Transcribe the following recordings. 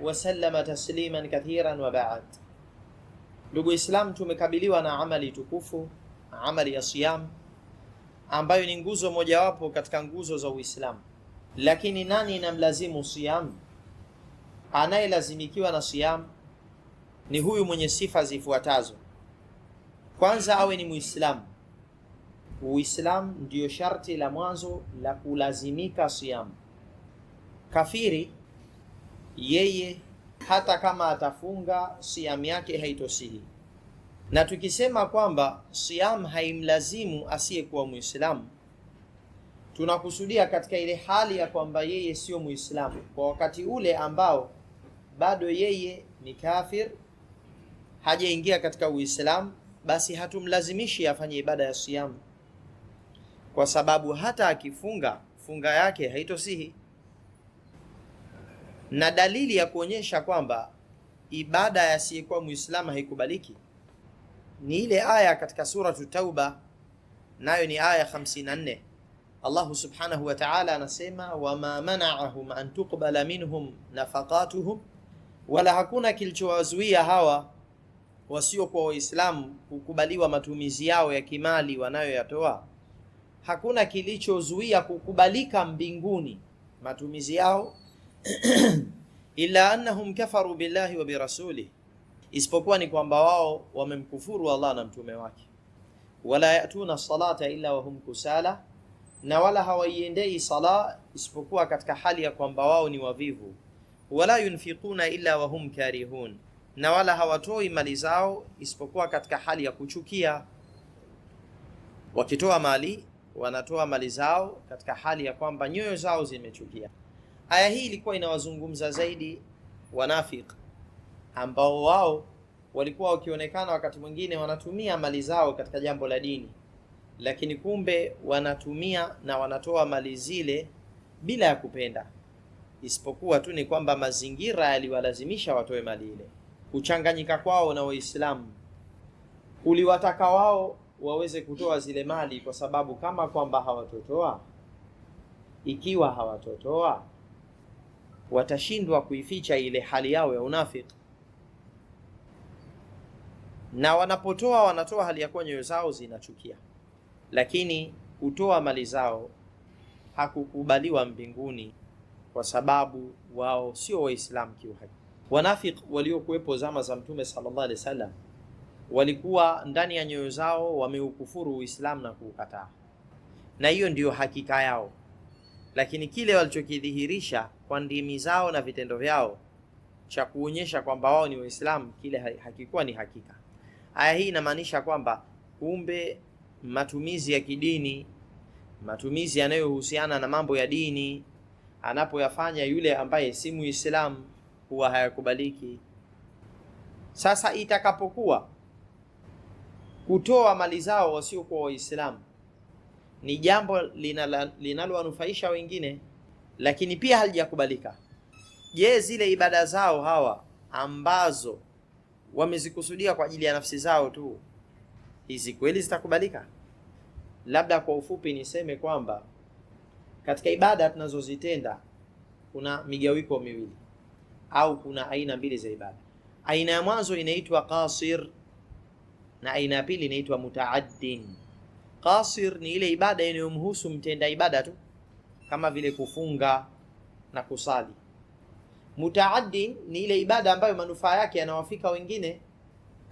wasallama tasliman kathiran wa Ndugu Islam, tumekabiliwa na amali tukufu, amali ya siyam ambayo ni nguzo mojawapo katika nguzo za Uislamu. Lakini nani inamlazimu siyam? Anayelazimikiwa na siyam ni huyu mwenye sifa zifuatazo. Kwanza, awe ni Muislamu. Uislamu ndiyo sharti la mwanzo la kulazimika siyam. Kafiri yeye hata kama atafunga siam yake haitosihi. Na tukisema kwamba siam haimlazimu asiyekuwa Muislamu, tunakusudia katika ile hali ya kwamba yeye sio Muislamu kwa wakati ule ambao bado yeye ni kafir, hajaingia katika Uislamu, basi hatumlazimishi afanye ibada ya siam, kwa sababu hata akifunga funga yake haitosihi na dalili ya kuonyesha kwamba ibada yasiyekuwa muislamu haikubaliki ni ile aya katika suratu Tauba, nayo ni aya 54. Allahu subhanahu wa ta'ala anasema, wama mana'ahum an tuqbala minhum nafaqatuhum, wala hakuna kilichowazuia hawa wasiokuwa waislamu kukubaliwa matumizi yao ya kimali wanayoyatoa. Hakuna kilichozuia kukubalika mbinguni matumizi yao illa annahum kafaru billahi wa birasulih, isipokuwa ni kwamba wao wamemkufuru Allah na mtume wake. Wala yatuna salata illa wahum kusala, na wala hawaiendei sala isipokuwa katika hali ya kwamba wao ni wavivu. Wala yunfiquna illa wahum karihun, na wala hawatoi mali zao isipokuwa katika hali ya kuchukia. Wakitoa mali wanatoa mali zao katika hali ya kwamba nyoyo zao zimechukia. Aya hii ilikuwa inawazungumza zaidi wanafiq ambao wao walikuwa wakionekana wakati mwingine wanatumia mali zao katika jambo la dini, lakini kumbe wanatumia na wanatoa mali zile bila ya kupenda, isipokuwa tu ni kwamba mazingira yaliwalazimisha watoe mali ile. Kuchanganyika kwao na Waislamu kuliwataka wao waweze kutoa zile mali, kwa sababu kama kwamba hawatotoa, ikiwa hawatotoa watashindwa kuificha ile hali yao ya unafiki, na wanapotoa wanatoa hali ya kuwa nyoyo zao zinachukia, lakini kutoa mali zao hakukubaliwa mbinguni, kwa sababu wao sio Waislamu kiuhaki. Wanafiki waliokuwepo zama za Mtume sallallahu alaihi wasallam walikuwa ndani ya nyoyo zao wameukufuru Uislamu na kuukataa, na hiyo ndiyo hakika yao lakini kile walichokidhihirisha kwa ndimi zao na vitendo vyao cha kuonyesha kwamba wao ni Waislamu, kile hakikuwa ni hakika. Aya hii inamaanisha kwamba kumbe matumizi ya kidini, matumizi yanayohusiana na mambo ya dini anapoyafanya yule ambaye si Muislamu huwa hayakubaliki. Sasa itakapokuwa kutoa mali zao wasiokuwa Waislamu ni jambo linalowanufaisha wengine, lakini pia halijakubalika. Je, zile ibada zao hawa ambazo wamezikusudia kwa ajili ya nafsi zao tu, hizi kweli zitakubalika? Labda kwa ufupi niseme kwamba katika ibada tunazozitenda kuna migawiko miwili au kuna aina mbili za ibada. Aina ya mwanzo inaitwa qasir na aina ya pili inaitwa mutaaddin. Qasir ni ile ibada inayomhusu mtenda ibada tu kama vile kufunga na kusali. Mutaaddi ni ile ibada ambayo manufaa yake yanawafika wengine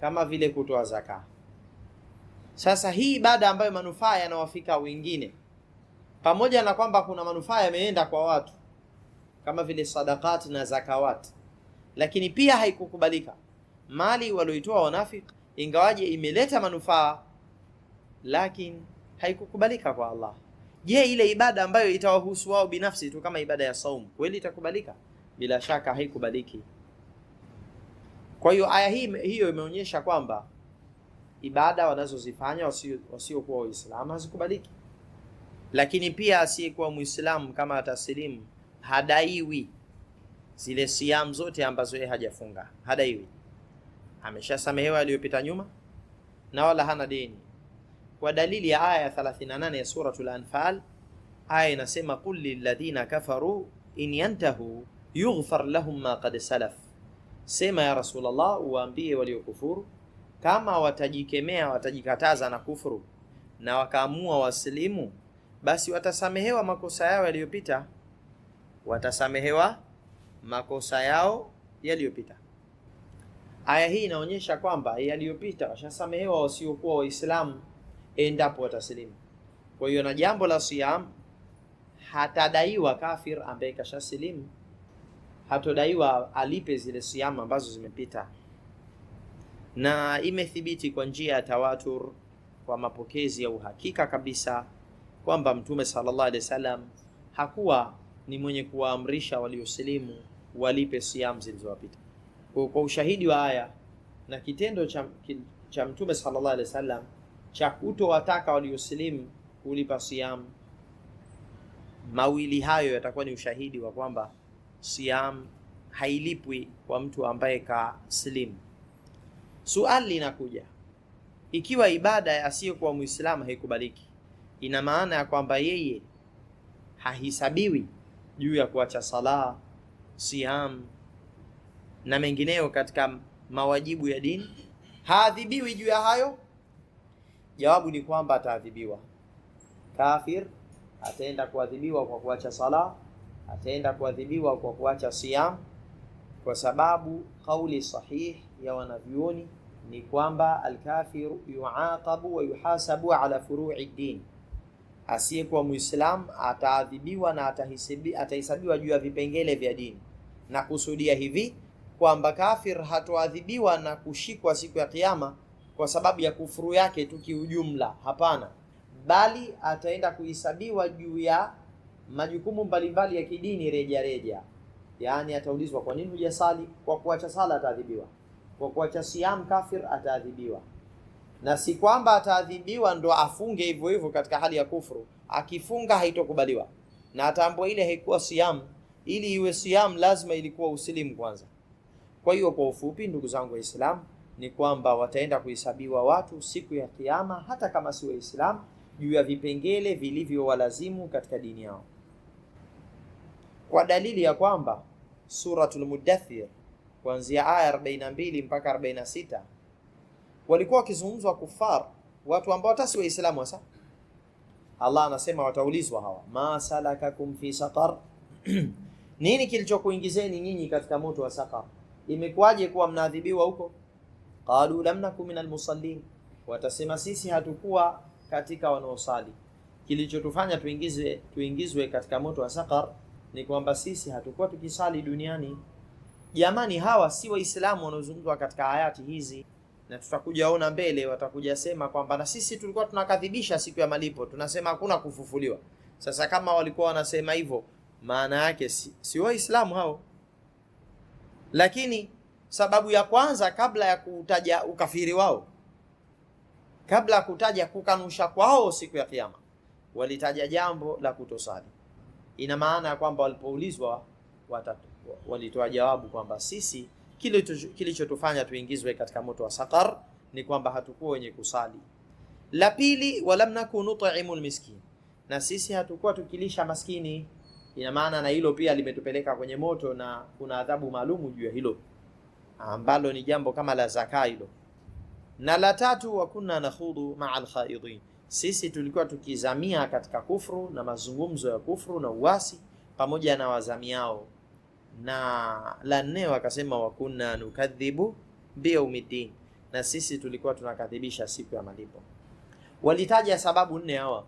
kama vile kutoa zaka. Sasa hii ibada ambayo manufaa yanawafika wengine, pamoja na kwamba kuna manufaa yameenda kwa watu kama vile sadakati na zakawati, lakini pia haikukubalika mali walioitoa wanafiki, ingawaje imeleta manufaa lakini haikukubalika kwa Allah. Je, ile ibada ambayo itawahusu wao binafsi tu kama ibada ya saumu kweli itakubalika? Bila shaka haikubaliki. Kwa hiyo aya hii hiyo imeonyesha kwamba ibada wanazozifanya wasiokuwa Waislamu hazikubaliki, lakini pia asiyekuwa Muislamu kama ataslimu hadaiwi zile siamu zote ambazo yeye hajafunga, hadaiwi. Ameshasamehewa aliyopita nyuma na wala hana deni kwa dalili ya aya 38 ya suratul Anfal. Aya inasema qul lilladhina kafaru in yantahu yughfar lahum ma qad salaf, sema ya Rasulullah, uwaambie waliokufuru kama watajikemea watajikataza na kufuru na wakaamua waslimu basi watasamehewa makosa yao yaliyopita, watasamehewa makosa yao yaliyopita. Aya hii inaonyesha kwamba yaliyopita washasamehewa wasiokuwa Waislamu endapo watasilimu. Kwa hiyo na jambo la siyam hatadaiwa kafir ambaye kashasilimu, hatodaiwa alipe zile siamu ambazo zimepita, na imethibiti kwa njia ya tawatur kwa mapokezi ya uhakika kabisa kwamba Mtume sallallahu alaihi wasallam hakuwa ni mwenye kuwaamrisha waliosilimu walipe siam zilizowapita. Kwa ushahidi wa aya na kitendo cha, cha Mtume sallallahu alaihi wasallam cha kutowataka waliosilimu kulipa siamu. Mawili hayo yatakuwa ni ushahidi wa kwamba siam hailipwi kwa mtu ambaye ka silimu. Suali linakuja, ikiwa ibada asiyokuwa muislamu haikubaliki, ina maana ya kwamba yeye hahisabiwi juu ya kuacha sala, siam na mengineyo katika mawajibu ya dini, haadhibiwi juu ya hayo Jawabu ni kwamba ataadhibiwa. Kafir ataenda kuadhibiwa kwa kuacha sala, ataenda kuadhibiwa kwa kuacha siyam, kwa sababu kauli sahih ya wanavyuoni ni kwamba alkafiru yuaqabu wa yuhasabu ala furui din, asiyekuwa muislam ataadhibiwa na atahesabiwa juu ya vipengele vya dini, na kusudia hivi kwamba kafir hatoadhibiwa na kushikwa siku ya Kiyama kwa sababu ya kufuru yake tu kiujumla, hapana, bali ataenda kuhesabiwa juu ya majukumu mbalimbali ya kidini reja reja. Yaani ataulizwa kwa nini hujasali? Kwa kuacha sala ataadhibiwa, kwa kuacha siam kafir ataadhibiwa. Na si kwamba ataadhibiwa ndo afunge hivyo hivyo katika hali ya kufuru. Akifunga haitokubaliwa na atambua ile haikuwa siam. Ili iwe siam lazima ilikuwa usilimu kwanza. Kwa hiyo kwa ufupi, ndugu zangu Waislamu ni kwamba wataenda kuhesabiwa watu siku ya Kiyama, hata kama si Waislamu, juu ya vipengele vilivyowalazimu katika dini yao, kwa dalili ya kwamba Suratul mudathir kuanzia aya 42 mpaka 46 walikuwa wakizungumzwa kufar, watu ambao hata si Waislamu hasa. Allah anasema wataulizwa hawa, ma salakakum fi saqar nini kilichokuingizeni nyinyi katika moto wa Saqar? Imekuwaje kuwa mnaadhibiwa huko? qalu lam naku min almusallin, watasema sisi hatukuwa katika wanaosali. Kilichotufanya tuingizwe tuingizwe katika moto wa sakar ni kwamba sisi hatukuwa tukisali duniani. Jamani, hawa si waislamu wanaozungumzwa katika hayati hizi, na tutakuja ona mbele, watakuja sema kwamba na sisi tulikuwa tunakadhibisha siku ya malipo, tunasema hakuna kufufuliwa. Sasa kama walikuwa wanasema hivyo, maana yake si, si waislamu hao, lakini Sababu ya kwanza, kabla ya kutaja ukafiri wao, kabla ya kutaja kukanusha kwao siku ya Kiyama, walitaja jambo la kutosali. Ina maana ya kwamba walipoulizwa walitoa jawabu kwamba sisi kilichotufanya tuingizwe katika moto wa sakar ni kwamba hatukuwa wenye kusali. La pili, walam nakun nut'imu lmiskin, na sisi hatukuwa tukilisha maskini. Ina maana na hilo pia limetupeleka kwenye moto, na kuna adhabu maalumu juu ya hilo ambalo ni jambo kama la zaka hilo. Na la tatu, wa kunna nakhudhu maa alkhaidin, sisi tulikuwa tukizamia katika kufru na mazungumzo ya kufru na uasi pamoja na wazamiao. Na la nne wakasema, wa kunna nukadhibu biyaumiddin, na sisi tulikuwa tunakadhibisha siku ya malipo. Walitaja sababu nne hawa,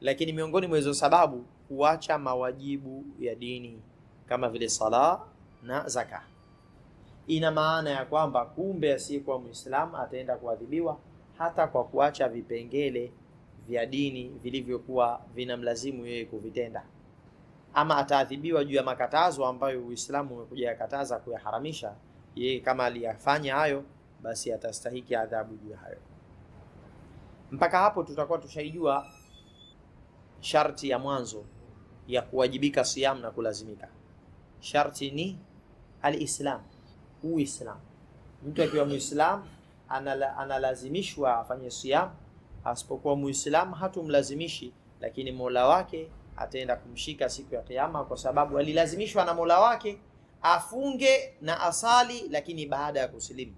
lakini miongoni mwa hizo sababu kuacha mawajibu ya dini kama vile sala na zaka Ina maana ya kwamba kumbe asiyekuwa Muislamu ataenda kuadhibiwa hata kwa kuacha vipengele vya dini vilivyokuwa vinamlazimu yeye kuvitenda, ama ataadhibiwa juu ya makatazo ambayo Uislamu umekuja yakataza kuyaharamisha. Yeye kama aliyafanya hayo, basi atastahiki adhabu juu hayo. Mpaka hapo tutakuwa tushaijua sharti ya mwanzo ya kuwajibika siamu na kulazimika. Sharti ni alislam Uislamu. Mtu akiwa Muislamu anala, analazimishwa afanye siam asipokuwa Muislamu hatumlazimishi, lakini Mola wake ataenda kumshika siku ya Kiyama, kwa sababu alilazimishwa na Mola wake afunge na asali, lakini baada ya kusilimu.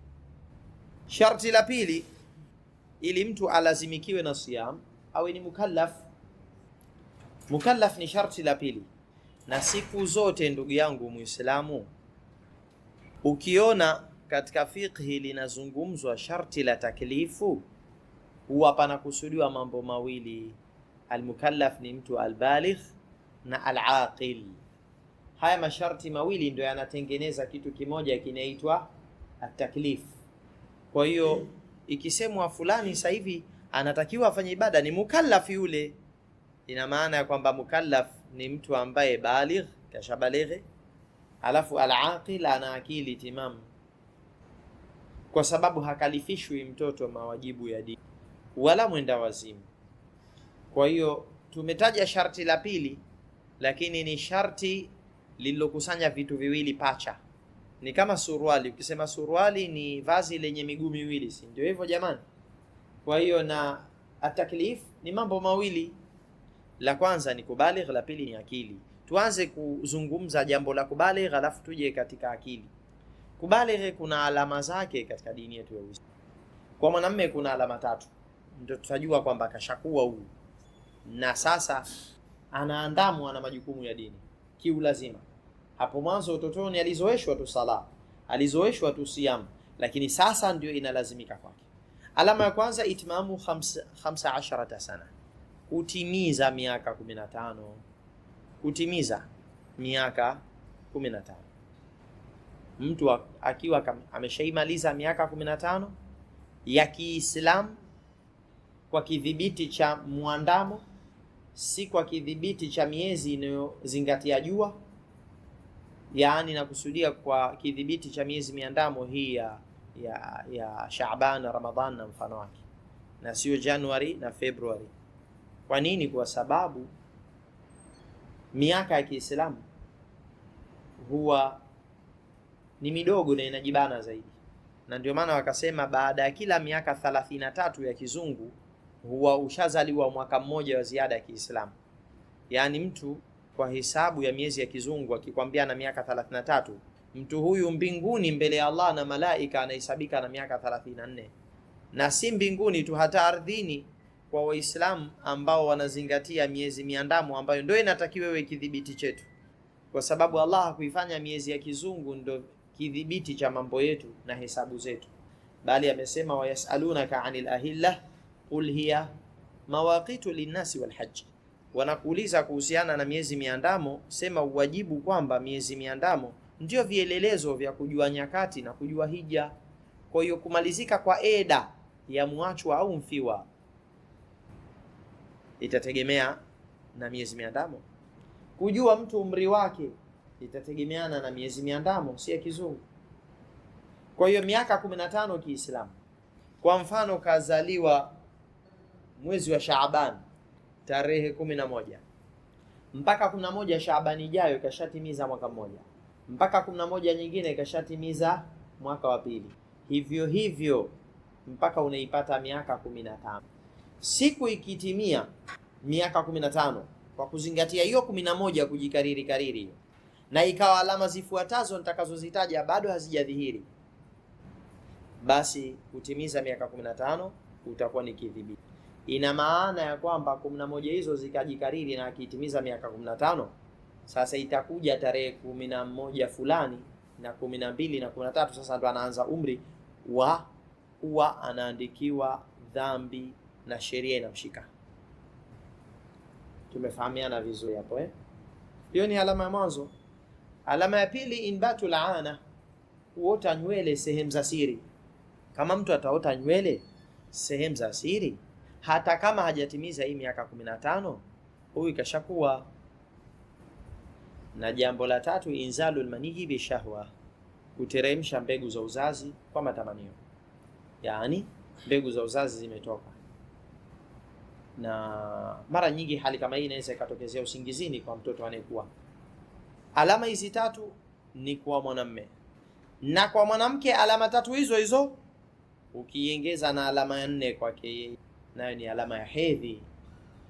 Sharti la pili, ili mtu alazimikiwe na siam awe ni mukallaf. Mukallaf ni sharti la pili, na siku zote ndugu yangu Muislamu Ukiona katika fiqhi linazungumzwa sharti la taklifu, huwa panakusudiwa mambo mawili: almukallaf ni mtu albaligh na alaqil. Haya masharti mawili ndio yanatengeneza kitu kimoja kinaitwa ataklif. Kwa hiyo ikisemwa fulani sasa hivi anatakiwa afanye ibada, ni mukallaf yule, ina maana ya kwamba mukallaf ni mtu ambaye baligh, kashabalighe alafu alaqil ana akili timamu, kwa sababu hakalifishwi mtoto mawajibu ya dini wala mwenda wazimu. Kwa hiyo tumetaja sharti la pili, lakini ni sharti lililokusanya vitu viwili pacha. Ni kama suruali, ukisema suruali ni vazi lenye miguu miwili, si ndio hivyo jamani? Kwa hiyo na ataklif ni mambo mawili, la kwanza ni kubaligh, la pili ni akili tuanze kuzungumza jambo la kubaligha, alafu tuje katika akili. Kubaligha kuna alama zake katika dini yetu ya Uislamu. Kwa mwanamume kuna alama tatu, ndio tutajua kwamba kashakuwa huyu na sasa anaandamwa na majukumu ya dini kiulazima. Hapo mwanzo utotoni alizoeshwa tu sala, alizoeshwa tu siamu, lakini sasa ndio inalazimika kwake. Alama ya kwanza itmamu 15 sana, kutimiza miaka 15 kutimiza miaka 15. Mtu akiwa ameshaimaliza miaka 15 ya Kiislamu kwa kidhibiti cha mwandamo, si kwa kidhibiti cha miezi inayozingatia jua, yaani nakusudia kwa kidhibiti cha miezi miandamo hii ya ya, ya Shaaban na Ramadhan na mfano wake, na sio Januari na Februari. Kwa nini? Kwa sababu miaka ya Kiislamu huwa ni midogo na inajibana zaidi, na ndio maana wakasema baada ya kila miaka thalathini na tatu ya kizungu huwa ushazaliwa mwaka mmoja wa ziada ya Kiislamu. Yaani mtu kwa hisabu ya miezi ya kizungu akikwambia na miaka 33, mtu huyu mbinguni mbele ya Allah na malaika anahesabika na miaka 34, na si mbinguni tu, hata ardhini kwa Waislamu ambao wanazingatia miezi miandamo ambayo ndio inatakiwa iwe kidhibiti chetu, kwa sababu Allah hakuifanya miezi ya kizungu ndio kidhibiti cha mambo yetu na hesabu zetu, bali amesema wayasalunaka anil ahilla qul hiya mawaqitu linnasi walhaji, wanakuuliza kuhusiana na miezi miandamo, sema uwajibu kwamba miezi miandamo ndio vielelezo vya kujua nyakati na kujua hija. Kwa hiyo kumalizika kwa eda ya mwachwa au mfiwa itategemea na miezi miandamo. Kujua mtu umri wake itategemeana na miezi miandamo, si ya kizungu. Kwa hiyo miaka 15 Kiislamu, kwa mfano, kazaliwa mwezi wa Shaaban tarehe 11 mpaka moja Shaaban ijayo ikashatimiza mwaka mmoja, mpaka moja nyingine ikashatimiza mwaka wa pili, hivyo hivyo mpaka unaipata miaka 15 siku ikitimia miaka 15 kwa kuzingatia hiyo 11 kujikariri kariri, na ikawa alama zifuatazo nitakazozitaja bado hazijadhihiri, basi kutimiza miaka 15 utakuwa ni kidhibiti. Ina maana ya kwamba 11 hizo zikajikariri na akitimiza miaka 15, sasa itakuja tarehe 11 fulani na 12 na 13, sasa ndo anaanza umri wa kuwa anaandikiwa dhambi na sheria inamshika. Tumefahamiana vizuri hapo eh? Hiyo ni alama ya mwanzo. Alama ya pili, inbatu laana, kuota nywele sehemu za siri. Kama mtu ataota nywele sehemu za siri, hata kama hajatimiza hii miaka 15, huyu ikashakuwa. Na jambo la tatu, inzalu lmanihi bishahwa, kuteremsha mbegu za uzazi kwa matamanio, yaani mbegu za uzazi zimetoka na mara nyingi hali kama hii inaweza ikatokezea usingizini kwa mtoto anayekuwa. Alama hizi tatu ni kwa mwanamme, na kwa mwanamke alama tatu hizo hizo ukiongeza na alama ya nne kwake yeye, nayo ni alama ya hedhi.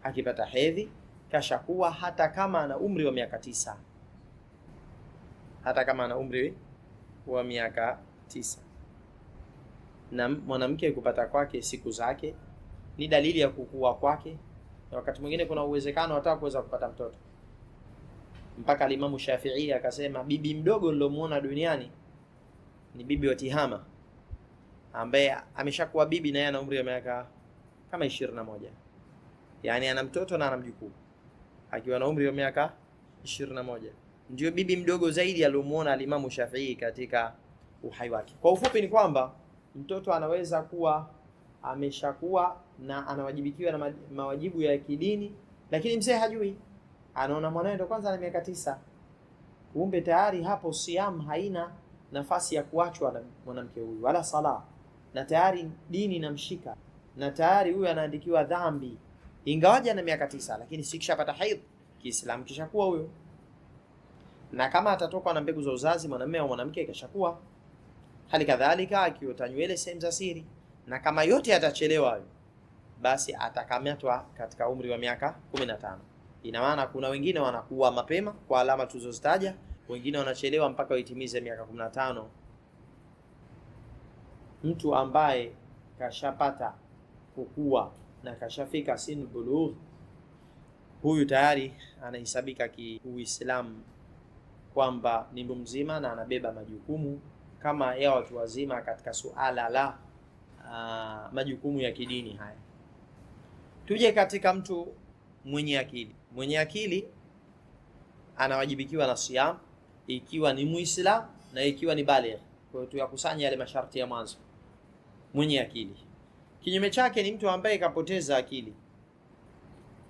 Akipata hedhi kashakuwa, hata kama ana umri wa miaka tisa, hata kama ana umri wa miaka tisa. Na mwanamke kupata kwake siku zake ni dalili ya kukua kwake, na wakati mwingine kuna uwezekano hata kuweza kupata mtoto. Mpaka Alimamu Shafi'i akasema bibi mdogo nilomuona duniani ni bibi wa Tihama ambaye ameshakuwa bibi na yeye ana umri wa miaka kama ishirini na moja yaani ana mtoto na ana mjukuu akiwa na umri wa miaka ishirini na moja ndio bibi mdogo zaidi aliomuona Alimamu Shafi'i katika uhai wake. Kwa ufupi ni kwamba mtoto anaweza kuwa ameshakuwa na anawajibikiwa na mawajibu ya kidini, lakini mzee hajui, anaona mwanawe ndo kwanza ana miaka tisa. Kumbe tayari hapo siam haina nafasi ya kuachwa na mwanamke huyu, wala sala, na tayari dini inamshika, na tayari huyu anaandikiwa dhambi, ingawaje ana miaka tisa, lakini si kishapata haidh Kiislamu kishakuwa huyo, na kama atatokwa na mbegu za uzazi mwanamume au mwanamke, ikashakuwa hali kadhalika, akiota nywele sehemu za siri na kama yote yatachelewa basi atakamatwa katika umri wa miaka 15. Ina maana kuna wengine wanakuwa mapema kwa alama tulizozitaja, wengine wanachelewa mpaka waitimize miaka 15. Mtu ambaye kashapata kukua na kashafika sin bulugh, huyu tayari anahesabika kiuislamu kwamba ni mtu mzima na anabeba majukumu kama ya watu wazima katika suala la majukumu ya kidini haya. Tuje katika mtu mwenye akili. Mwenye akili anawajibikiwa na siyam ikiwa ni Muislam na ikiwa ni baligh. Kwa hiyo tuyakusanya yale masharti ya mwanzo. Mwenye akili. Kinyume chake ni mtu ambaye kapoteza akili,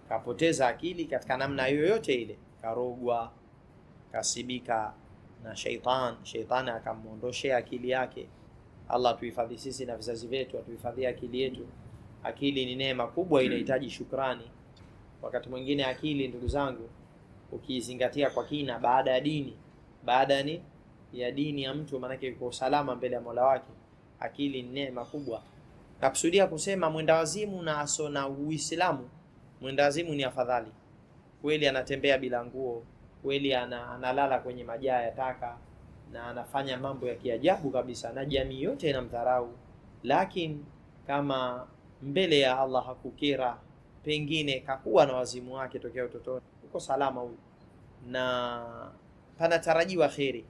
kapoteza akili katika namna yoyote ile, karogwa, kasibika na sheitan, sheitani akamwondoshea akili yake. Allah atuhifadhi sisi na vizazi vyetu, atuhifadhie akili yetu. Akili ni neema kubwa, inahitaji shukrani. Wakati mwingine akili, ndugu zangu, ukiizingatia kwa kina, baada ya dini, baada ni ya dini ya mtu, maanake yuko salama mbele ya Mola wake. Akili ni neema kubwa. Nakusudia kusema mwendawazimu na aso na Uislamu, mwendawazimu ni afadhali kweli, anatembea bila nguo kweli, analala kwenye majaa ya taka na anafanya mambo ya kiajabu kabisa, na jamii yote inamdharau, lakini kama mbele ya Allah hakukera, pengine kakuwa na wazimu wake tokea utotoni, uko salama huyu na panatarajiwa kheri.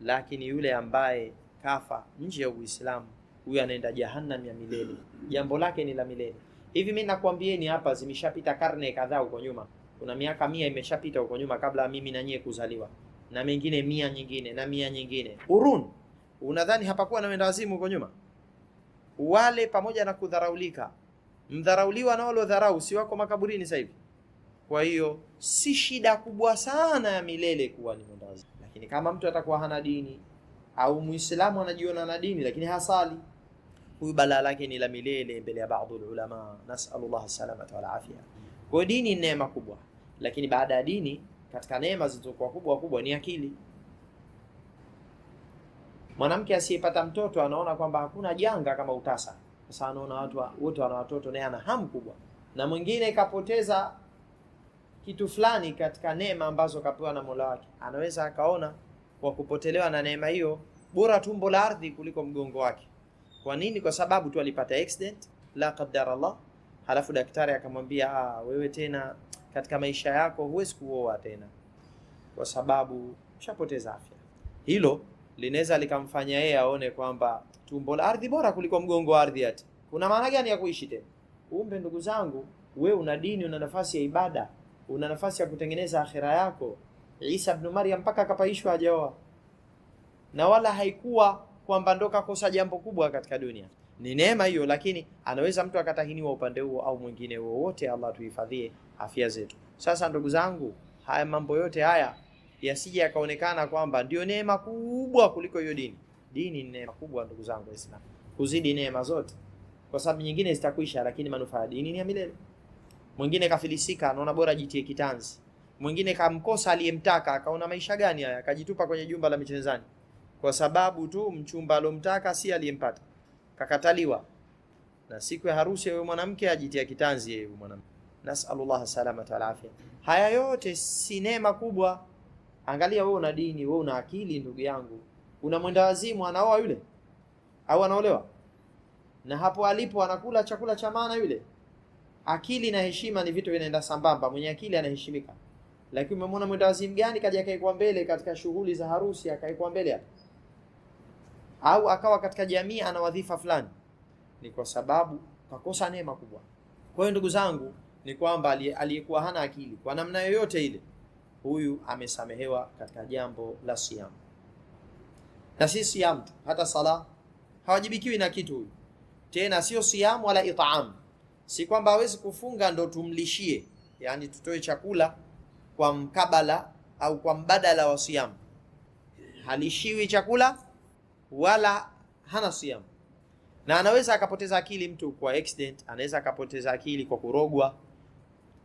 Lakini yule ambaye kafa nje ya Uislamu, huyu anaenda jahannam ya milele, jambo lake ni la milele. Hivi mimi nakwambieni hapa, zimeshapita karne kadhaa huko nyuma, kuna miaka mia imeshapita huko nyuma, kabla mimi na nyie kuzaliwa na mengine mia nyingine na mia nyingine urun. Unadhani hapakuwa na wenda wazimu huko nyuma? Wale pamoja na kudharaulika, mdharauliwa na wale dharau si wako makaburini sasa hivi. Kwa hiyo si shida kubwa sana ya milele kuwa ni mwenda wazimu, lakini kama mtu atakuwa hana dini au Muislamu anajiona na dini lakini hasali, huyu balaa lake ni la milele mbele ya baadhi ya ulama, nasallallahu salamata wal afia. Kwa dini ni neema kubwa, lakini baada ya dini katika neema zilizokuwa kubwa kubwa ni akili. Mwanamke asiyepata mtoto anaona kwamba hakuna janga kama utasa. Sasa anaona watu wote wana watoto, naye ana hamu kubwa, na mwingine kapoteza kitu fulani katika neema ambazo kapewa na Mola wake, anaweza akaona kwa kupotelewa na neema hiyo, bora tumbo la ardhi kuliko mgongo wake. Kwa nini? Kwa sababu tu alipata accident la qadar Allah, halafu daktari akamwambia, ah, wewe tena katika maisha yako, huwezi kuoa tena kwa sababu ushapoteza afya. Hilo linaweza likamfanya yeye aone kwamba tumbo la ardhi bora kuliko mgongo wa ardhi, ati kuna maana gani ya kuishi tena? Kumbe ndugu zangu, we una dini, una nafasi ya ibada, una nafasi ya kutengeneza akhira yako. Isa ibn Maryam mpaka akapaishwa hajaoa, na wala haikuwa kwamba ndo kakosa jambo kubwa katika dunia. Ni neema hiyo, lakini anaweza mtu akatahiniwa upande huo au mwingine wowote. Allah tuhifadhie afya zetu. Sasa ndugu zangu, haya mambo yote haya yasije yakaonekana kwamba ndio neema kubwa kuliko hiyo dini. Dini ni neema kubwa ndugu zangu Islam, kuzidi neema zote, kwa sababu nyingine zitakwisha, lakini manufaa ya dini ni ya milele. Mwingine kafilisika, anaona bora jitie kitanzi. Mwingine kamkosa aliyemtaka, akaona maisha gani haya, akajitupa kwenye jumba la michezani, kwa sababu tu mchumba alomtaka si aliyempata, kakataliwa. Na siku ya harusi ya mwanamke ajitia kitanzi yeye mwanamke nasalullah salamata wal Haya yote si neema kubwa. Angalia wewe una dini, wewe una akili, ndugu yangu, una mwenda wazimu, anaoa yule au anaolewa, na hapo alipo anakula chakula cha maana yule. Akili na heshima ni vitu vinaenda sambamba, mwenye akili anaheshimika. Lakini umemwona mwenda wazimu gani kaja akaekwa mbele katika shughuli za harusi, akaekwa mbele hapo, au akawa katika jamii ana wadhifa fulani? Ni kwa sababu kakosa neema kubwa. Kwa hiyo ndugu zangu ni kwamba aliyekuwa hana akili kwa namna yoyote ile, huyu amesamehewa katika jambo la siam. Na si siam tu, hata sala hawajibikiwi na kitu huyu. Tena sio siam wala itaam, si kwamba hawezi kufunga ndo tumlishie, yani tutoe chakula kwa mkabala au kwa mbadala wa siam. Halishiwi chakula wala hana siam na anaweza akapoteza akili mtu kwa accident, anaweza akapoteza akili kwa kurogwa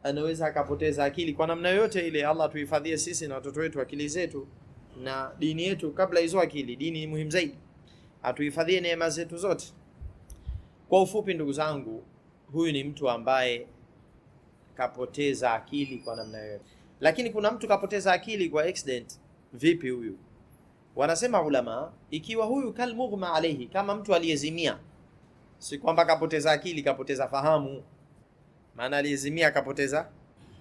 anaweza akapoteza akili kwa namna yoyote ile. Allah tuhifadhie sisi na watoto wetu akili zetu na dini yetu kabla hizo akili. Dini ni muhimu zaidi, atuhifadhie neema zetu zote. Kwa ufupi, ndugu zangu, huyu ni mtu ambaye kapoteza akili kwa namna yoyote. Lakini kuna mtu kapoteza akili kwa accident. Vipi huyu? Wanasema ulama, ikiwa huyu kalmughma alaihi, kama mtu aliyezimia, si kwamba kapoteza akili, kapoteza fahamu maana aliyezimia akapoteza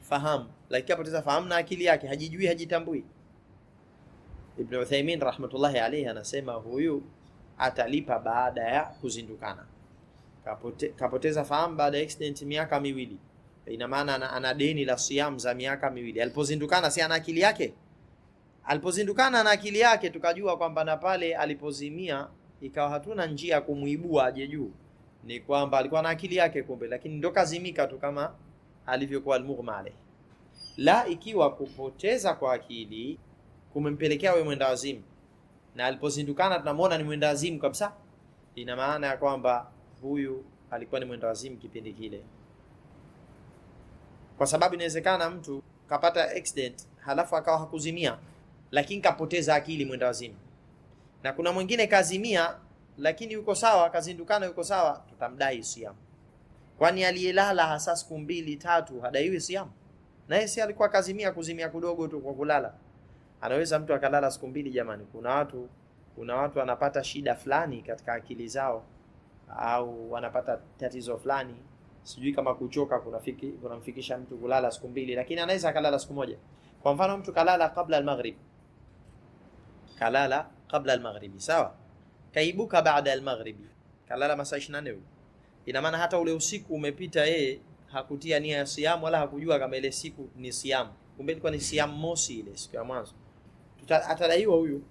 fahamu, lakini apoteza fahamu na akili yake, hajijui hajitambui. Ibn Uthaymeen rahmatullahi alayhi anasema huyu atalipa baada ya kuzindukana. Kapote, kapoteza fahamu baada ya accident miaka miwili, ina maana ana, ana deni la siam za miaka miwili. Alipozindukana si ana akili yake, alipozindukana na akili yake, tukajua kwamba na pale alipozimia ikawa hatuna njia ya kumwibua aje juu ni kwamba alikuwa na akili yake kumbe, lakini ndo kazimika tu kama alivyokuwa almughma alayhi. La, ikiwa kupoteza kwa akili kumempelekea we mwenda wazimu, na alipozindukana tunamwona ni mwenda wazimu kabisa, ina maana ya kwamba huyu alikuwa ni mwenda wazimu kipindi kile, kwa sababu inawezekana mtu kapata accident halafu akawa hakuzimia, lakini kapoteza akili, mwenda wazimu. Na kuna mwingine kazimia lakini yuko sawa, kazindukana, yuko sawa, tutamdai siam. Kwani aliyelala hasa siku mbili tatu hadaiwi Na yeye si alikuwa kazimia kuzimia kudogo tu kwa kulala. Anaweza mtu akalala siku mbili. Jamani, kuna watu kuna watu wanapata shida fulani katika akili zao, au wanapata tatizo fulani, sijui kama kuchoka kunamfikisha mtu kulala siku mbili, lakini anaweza akalala siku moja. Kwa mfano, mtu kalala kabla al-maghrib, kalala kabla al-maghrib, sawa kaibuka baada almaghribi, kalala masaa 24. Ina maana hata ule usiku umepita, yeye hakutia nia ya siamu wala hakujua kama ile siku ni siamu, kumbe ilikuwa ni siamu mosi, ile siku ya mwanzo. Atadaiwa huyu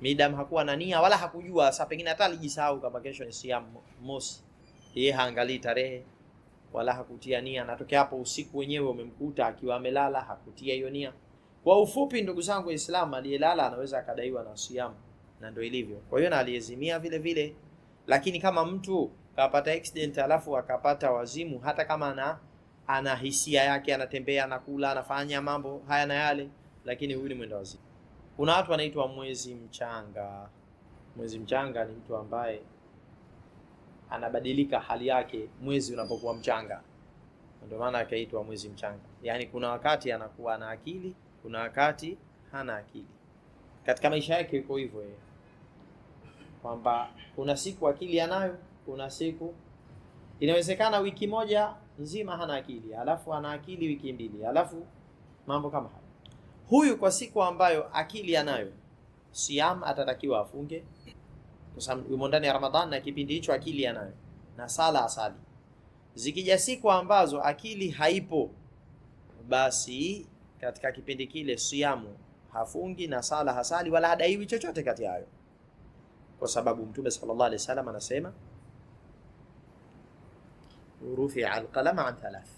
midam hakuwa na nia wala hakujua. Sasa pengine hata alijisahau kama kesho ni siamu mosi, ye haangalii tarehe wala hakutia nia, natokea hapo usiku wenyewe umemkuta akiwa amelala, hakutia hiyo nia. Kwa ufupi, ndugu zangu Waislamu, aliyelala anaweza akadaiwa na siamu na ndio ilivyo. Kwa hiyo na aliezimia vile vile, lakini kama mtu kapata accident alafu akapata wazimu, hata kama ana ana hisia yake, anatembea, anakula, anafanya mambo haya na yale, lakini huyu ni mwenda wazimu. Kuna watu wanaitwa mwezi mchanga. Mwezi mchanga ni mtu ambaye anabadilika hali yake mwezi unapokuwa mchanga, ndio maana akaitwa mwezi mchanga. Yaani kuna wakati anakuwa na akili, kuna wakati hana akili. Katika maisha yake iko hivyo yeye kwamba kuna siku akili anayo, kuna siku inawezekana wiki moja nzima hana akili, alafu ana akili wiki mbili, alafu mambo kama hayo. Huyu kwa siku ambayo akili anayo, siam atatakiwa afunge, kwa sababu yumo ndani ya Ramadhani na kipindi hicho akili anayo, na sala asali. Zikija siku ambazo akili haipo, basi katika kipindi kile siamu hafungi na sala hasali, wala hadaiwi chochote kati hayo kwa sababu Mtume sallallahu alaihi wasallam anasema rufia alqalam an thalath,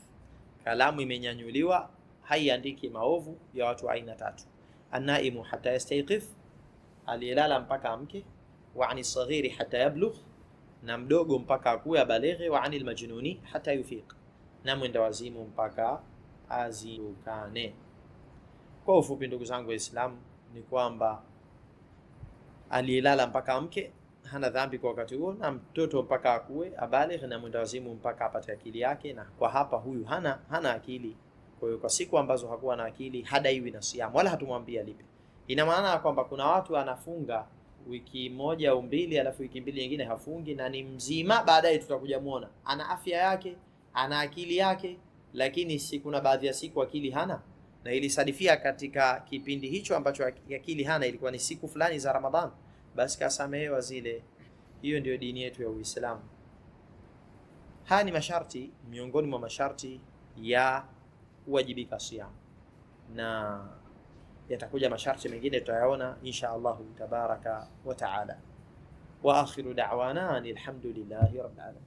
kalamu imenyanyuliwa haiandiki maovu ya watu aina tatu: anaimu hata yastayqif, aliyelala mpaka amke; wa ani saghiri hata yablugh, na mdogo mpaka akuwe abaleghe; wa ani almajnuni hata yufiq, na mwenda wazimu mpaka azindukane. Kwa ufupi, ndugu zangu Waislamu, ni kwamba aliyelala mpaka amke hana dhambi kwa wakati huo, na mtoto mpaka akue abaligh, na mwenda wazimu mpaka apate akili yake. Na kwa hapa huyu hana hana akili. Kwa hiyo kwa siku ambazo hakuwa na akili hadaiwi na siamu, wala hatumwambia alipe. Ina maana kwamba kuna watu anafunga wiki moja au mbili, alafu wiki mbili nyingine hafungi na ni mzima. Baadaye tutakuja muona ana afya yake, ana akili yake, lakini si kuna baadhi ya siku akili hana na ilisadifia katika kipindi hicho ambacho akili hana, ilikuwa ni siku fulani za Ramadhan, basi kasamehewa zile. Hiyo ndio dini yetu ya Uislamu. Haya ni masharti, miongoni mwa masharti ya kuwajibika siamu, na yatakuja masharti mengine tutayaona insha Allahu tabaraka wa taala. Wa akhiru da'wana alhamdulillahi alamin.